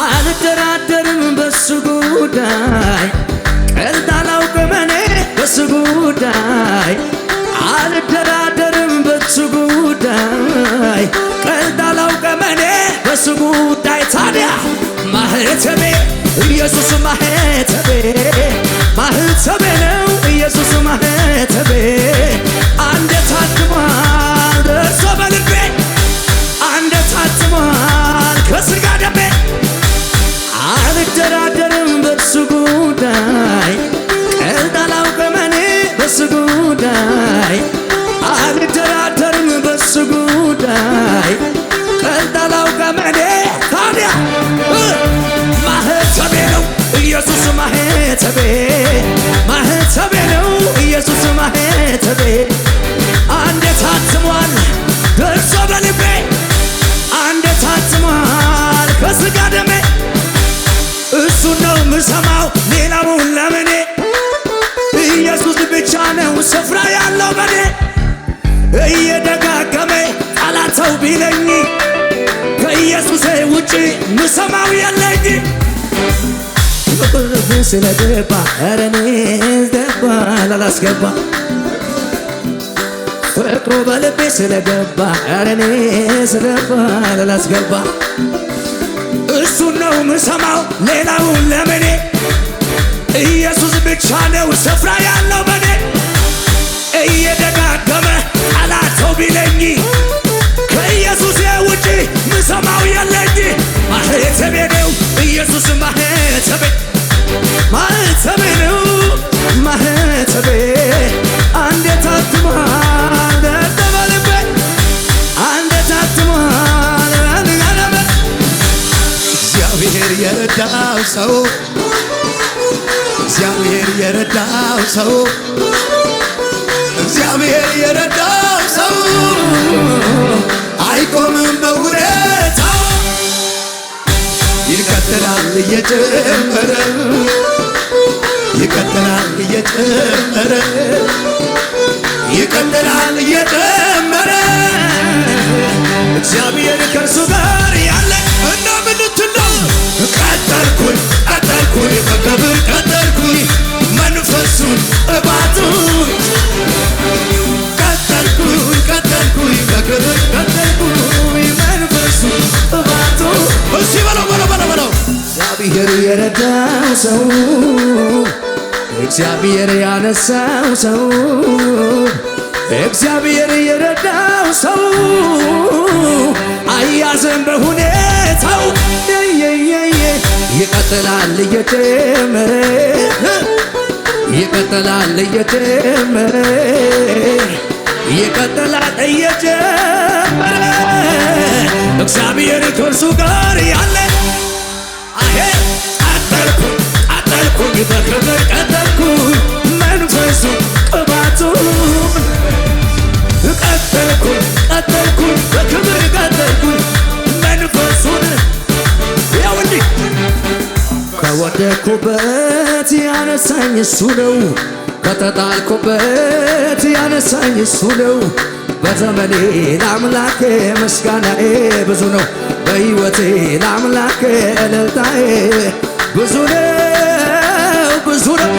አልደራደርም በሱ ጉዳይ ቀልድ አላውቅም እኔ በሱ ጉዳይ አልደራደርም በሱ ጉዳይ ቀልድ አላውቅም እኔ በሱ ጉዳይ ታዲያ ማህተቤ ኢየሱስ ማህተቤ ማህተቤ ነው ኢየሱስ ማህተቤ ማህተቤ ማህተቤ ነው ኢየሱስ ማህተቤ አንድ ታትሟል ደርሶ በልቤ አንድ ታትሟል ከስጋ ደሜ እሱ ነው ምሰማው ሌላውን ለምኔ ኢየሱስ ብቻ ነው ስፍራ ያለው በኔ እየደጋገመ ቃላተው ቢለኝ ከኢየሱሴ ውጪ ምሰማው የለኝ በቁልፍ ስለገባ ኧረ እኔስ ደባል ፍቅሩ በልቤ ስለገባ ኧረ እሱን ነው ምሰማው ሌላውን ለምኔ ኢየሱስ ብቻ ነው ስፍራ ያለው በኔ እየደጋገመ አላተው ቢለኝ ከኢየሱስ ውጪ ምሰማው የለኝ ማህተቤ ነው ኢየሱስ ማህተቤ የረዳው ሰው እግዚአብሔር የረዳው ሰው አይቆምም በውለታው ይቀጥላል እየጨመረ ይቀጥላል እየጨመረ ይቀጥላል እየጨመረ እግዚአብሔር ከእርሱ ጋር እግዚአብሔር ያነሳው ሰው እግዚአብሔር የረዳው ሰው አያዘን በሁኔታው የየየየ ይቀጥላል እየተመረ ይቀጥላል እየተመረ ይቀጥላል እየጀመረ እግዚአብሔር ከእርሱ ጋር ከተጣልኩበት ያነሳኝ እሱ ነው። ከተጣልኩበት ያነሳኝ እሱ ነው። በዘመኔ ለአምላኬ ምስጋናዬ ብዙ ነው። በሕይወቴ ለአምላኬ እልልታዬ ብዙ ነው ብዙ ነው።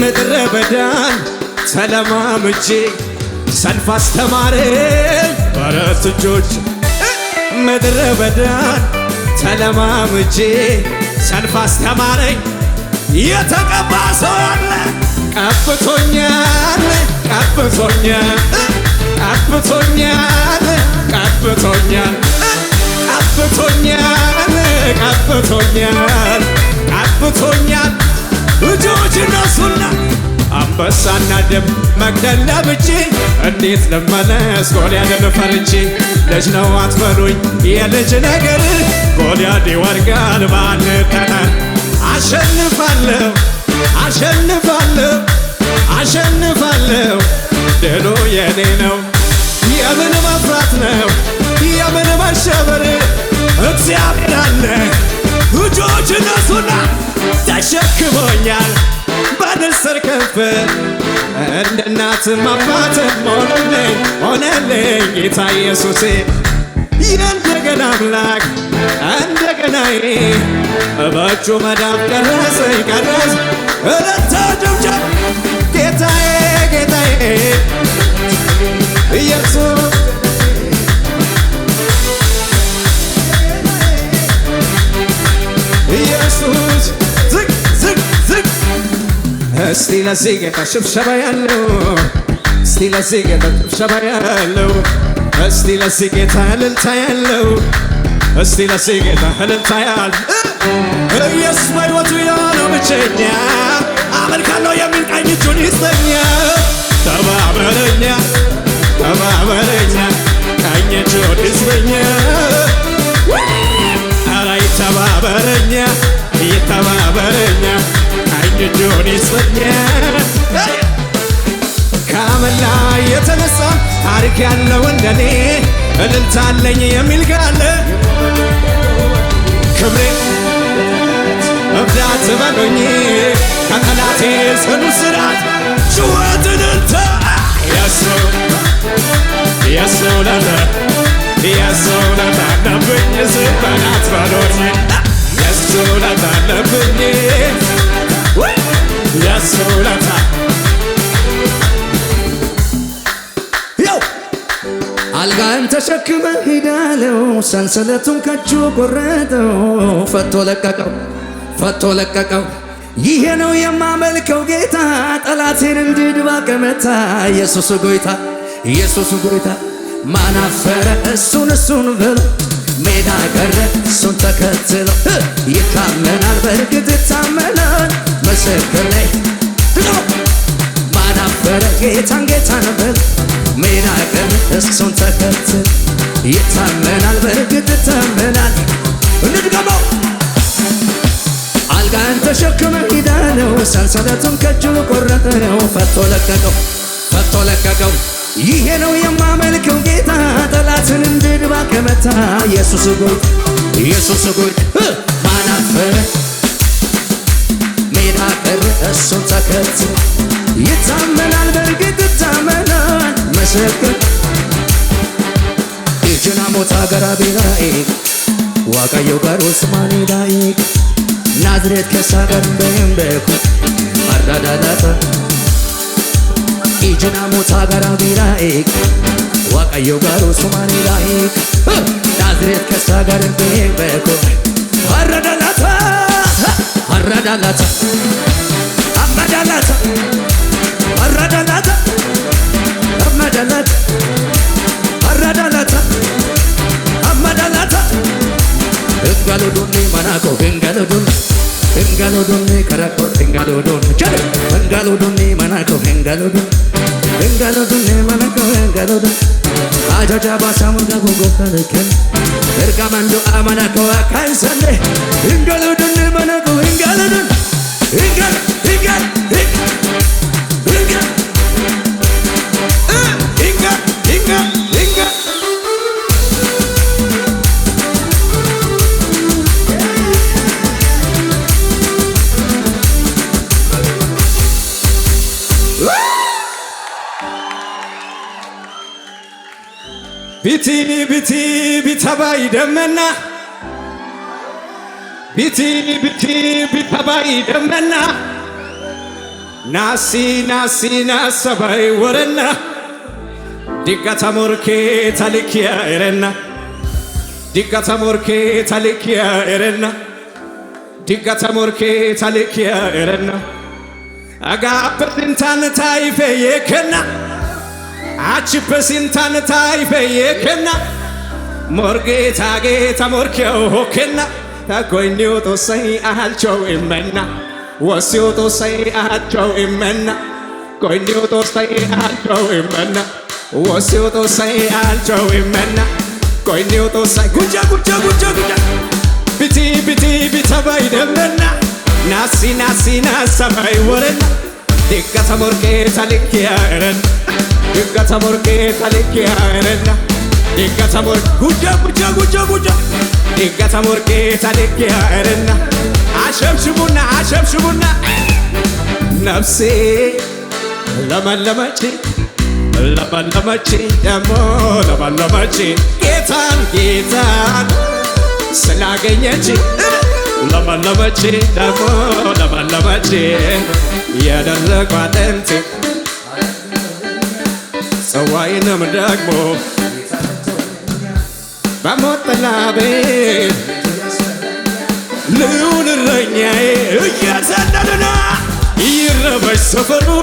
ምድረ በዳን ተለማምጄ ሰልፍ አስተማረኝ በአራት እጆች ምድረ በዳን ተለማምጄ ሰልፍ አስተማረኝ የተቀባ ሰው አለ ቀብቶኛል ቀብቶኛል ቀብቶኛል ቀብቶኛል ቀብቶኛል ቀብቶኛል ቀብቶኛል እጆች እነሱና አንበሳና ደብ መግደል ለብቼ እንዴት ልመለስ ጎልያድን ፈርቼ ልጅ ነው አትበሉኝ የልጅ ነገር ጎልያድ ይወድቃል ባንጠጠር አሸንፋለሁ አሸንፋለሁ አሸንፋለሁ ድሉ የኔ ነው የምን መፍራት ነው የምን መሸበር እግዚአብሔር አለ እጆች እነሱና ተሸክሞኛል ባድል ስር ክንፍ እንደ እናትም አባትም ሆነልኝ ሆነልኝ ጌታ ኢየሱሴ የእንደገና አምላክ እንደገና በእጁ እበጩ መዳም ቀረሰኝ ቀረስ እለታ ጌታዬ ጌታዬ ኢየሱስ እስቲ ለዚህ ጌታ ሽብሸባ ያለው እስቲ ለዚህ ጌታ ሽብሸባ ያለው እስቲ ለዚህ ጌታ እልልታ ያለው እስቲ ለዚህ ጌታ እልልታ ያለው ኢየሱስ በሕይወቱ የሆነው ብቸኛ አመልካለሁ የሚል እጁን ይሰኛ ተባበረኛ ተባበረኛ ቀኝ እጁን ይስበኛ ኧረ ይተባበረኛ ይተባበረኛ እጁን ይስጠኝ ከአመላ የተነሳ ታሪክ ያለው እንደኔ እልልታለኝ የሚል ካለ ክብሬ እብዳት በሎኝ ከጠላቴ ጽኑ ስራት ለለ ለታለብኝ ስበናት በሎኝ ለታለብኝ ያስውለታ ያው ተሸክመ ሂዳለው ሰንሰለቱን ከእጁ ቆረጠው ፈቶ ለቀቀው ፈቶ ለቀቀው ይሄ ነው የማመልከው ጌታ ጠላቴን እንድድባ ቀመታ ኢየሱስ ጎይታ ኢየሱስ ጎይታ ማናፈረ እሱን እሱን ብሎ ሜዳ ቀረ እሱን ተከትሎ ይታመናል፣ በእርግጥ ይታመናል። ምስክር ላይ ማናበረ ጌታን ጌታን በል ሜዳ ቀረ እሱን ተከትሎ ይታመናል፣ በእርግጥ ይታመናል። እንድገመው አልጋን ተሸክመ ሂዳ ነው ሰንሰለቱን ከእጁ ቆረጠ ነው ፈቶ ለቀቀው ፈቶ ለቀቀው ይሄ ነው የማመልከው ጌታ ጠላትን እንድድባ ከመታ ኢየሱስ ጎይ ኢየሱስ ጎይ ማናፈረ አፈረ ሜዳ ቀረ እሱን ተከት ይታመናል በእርግጥ ይታመናል መሰከት ይችና ሞታ አገራ ቤራኤል ዋቃየው ጋር ኦስማኔ ዳኢቅ ናዝሬት ከሳገር በየምበኩ አዳዳዳታ ኢጅናሙት አገራቢራኤክ ዋቀዮ ጋሩ ሱማኒራኤክ ናዝሬት ከሳ ጋር ቤበኮ አረዳላታ አረዳላታ አመዳላታ አረዳላታ አመዳላታ አረዳላታ አመዳላታ እንገሉዱኒ መናቆ እንገሉዱኒ Engalodonne karakor engalodon Chale engalodonne manako engalodon Engalodonne manako engalodon Ajaja basamuga gogokaleken Ergamando amanako akansande Engalodonne manako engalodon Engal engal ቢቲኒ ቢቲ ቢተባይ ደመና ቢቲኒ ቢቲ ቢተባይ ደመና ናሲ ናሲ ናሰባይ ወረና ዲቀተ ሞርኬ ታሊኪያ ኤረና ዲቀተ ሞርኬ ታሊኪያ ኤረና ዲቀተ ሞርኬ ታሊኪያ ኤረና አጋ አብርንታን ታይፌ የከና አችበሲንታንታይ ፈየኬና ሞርጌታ ጌታ ሞርኬው ሆኬና ተኮይኒው ጦሰይ አሃልቸው እመና ወሲው ጦሰይ አሃቸው እመና ኮይኒው ጦሰይ አሃቸው እመና ወሲው ጦሰይ አሃቸው እመና ኮይኒው ጦሰይ ጉጃ ጉጃ ጉጃ ጉጃ ቢቲ ቢቲ ቢተባይ ደመና ናሲ ናሲ ናሰባይ ወረና ዲቀተ ሞርጌታ ልክያ ድንገት ሞርቄ ተልኬ አይረዳ ድንገት ሞር ጉጃ ጉጃ ጉጃ ጉጃ ድንገት ሞርቄ ተልኬ አሸብሽቡና አሸብሽቡና ነፍሴ ለመለመች ለመለመች ደግሞ ለመለመች ጌታን ጌታን ስላገኘች ለመለመች ደግሞ ለመለመች የደረቀ አጥንቴ ሰዋይንም ደግሞ በሞት ጥላ ቤት ልዑል እረኛዬ እየዘለልና ይረበሽ ሰፈሩ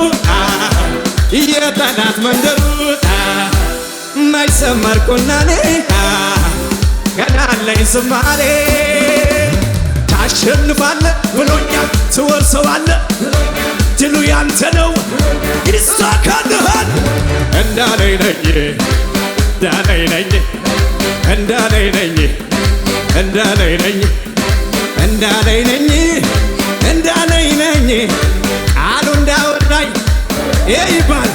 የጠላት መንደሩ መች ሰመርኩና እኔ ከናለኝ ዝማሬ ብሎኛል ያንተ ነው ይሳካልህ ዳነኝ ነኝ ዳነኝ ነኝ እንዳነኝ ነኝ እንዳነኝ ነኝ እንዳነኝ ነኝ እንዳነኝ ነኝ ቃሉ እንዳወራኝ ይባል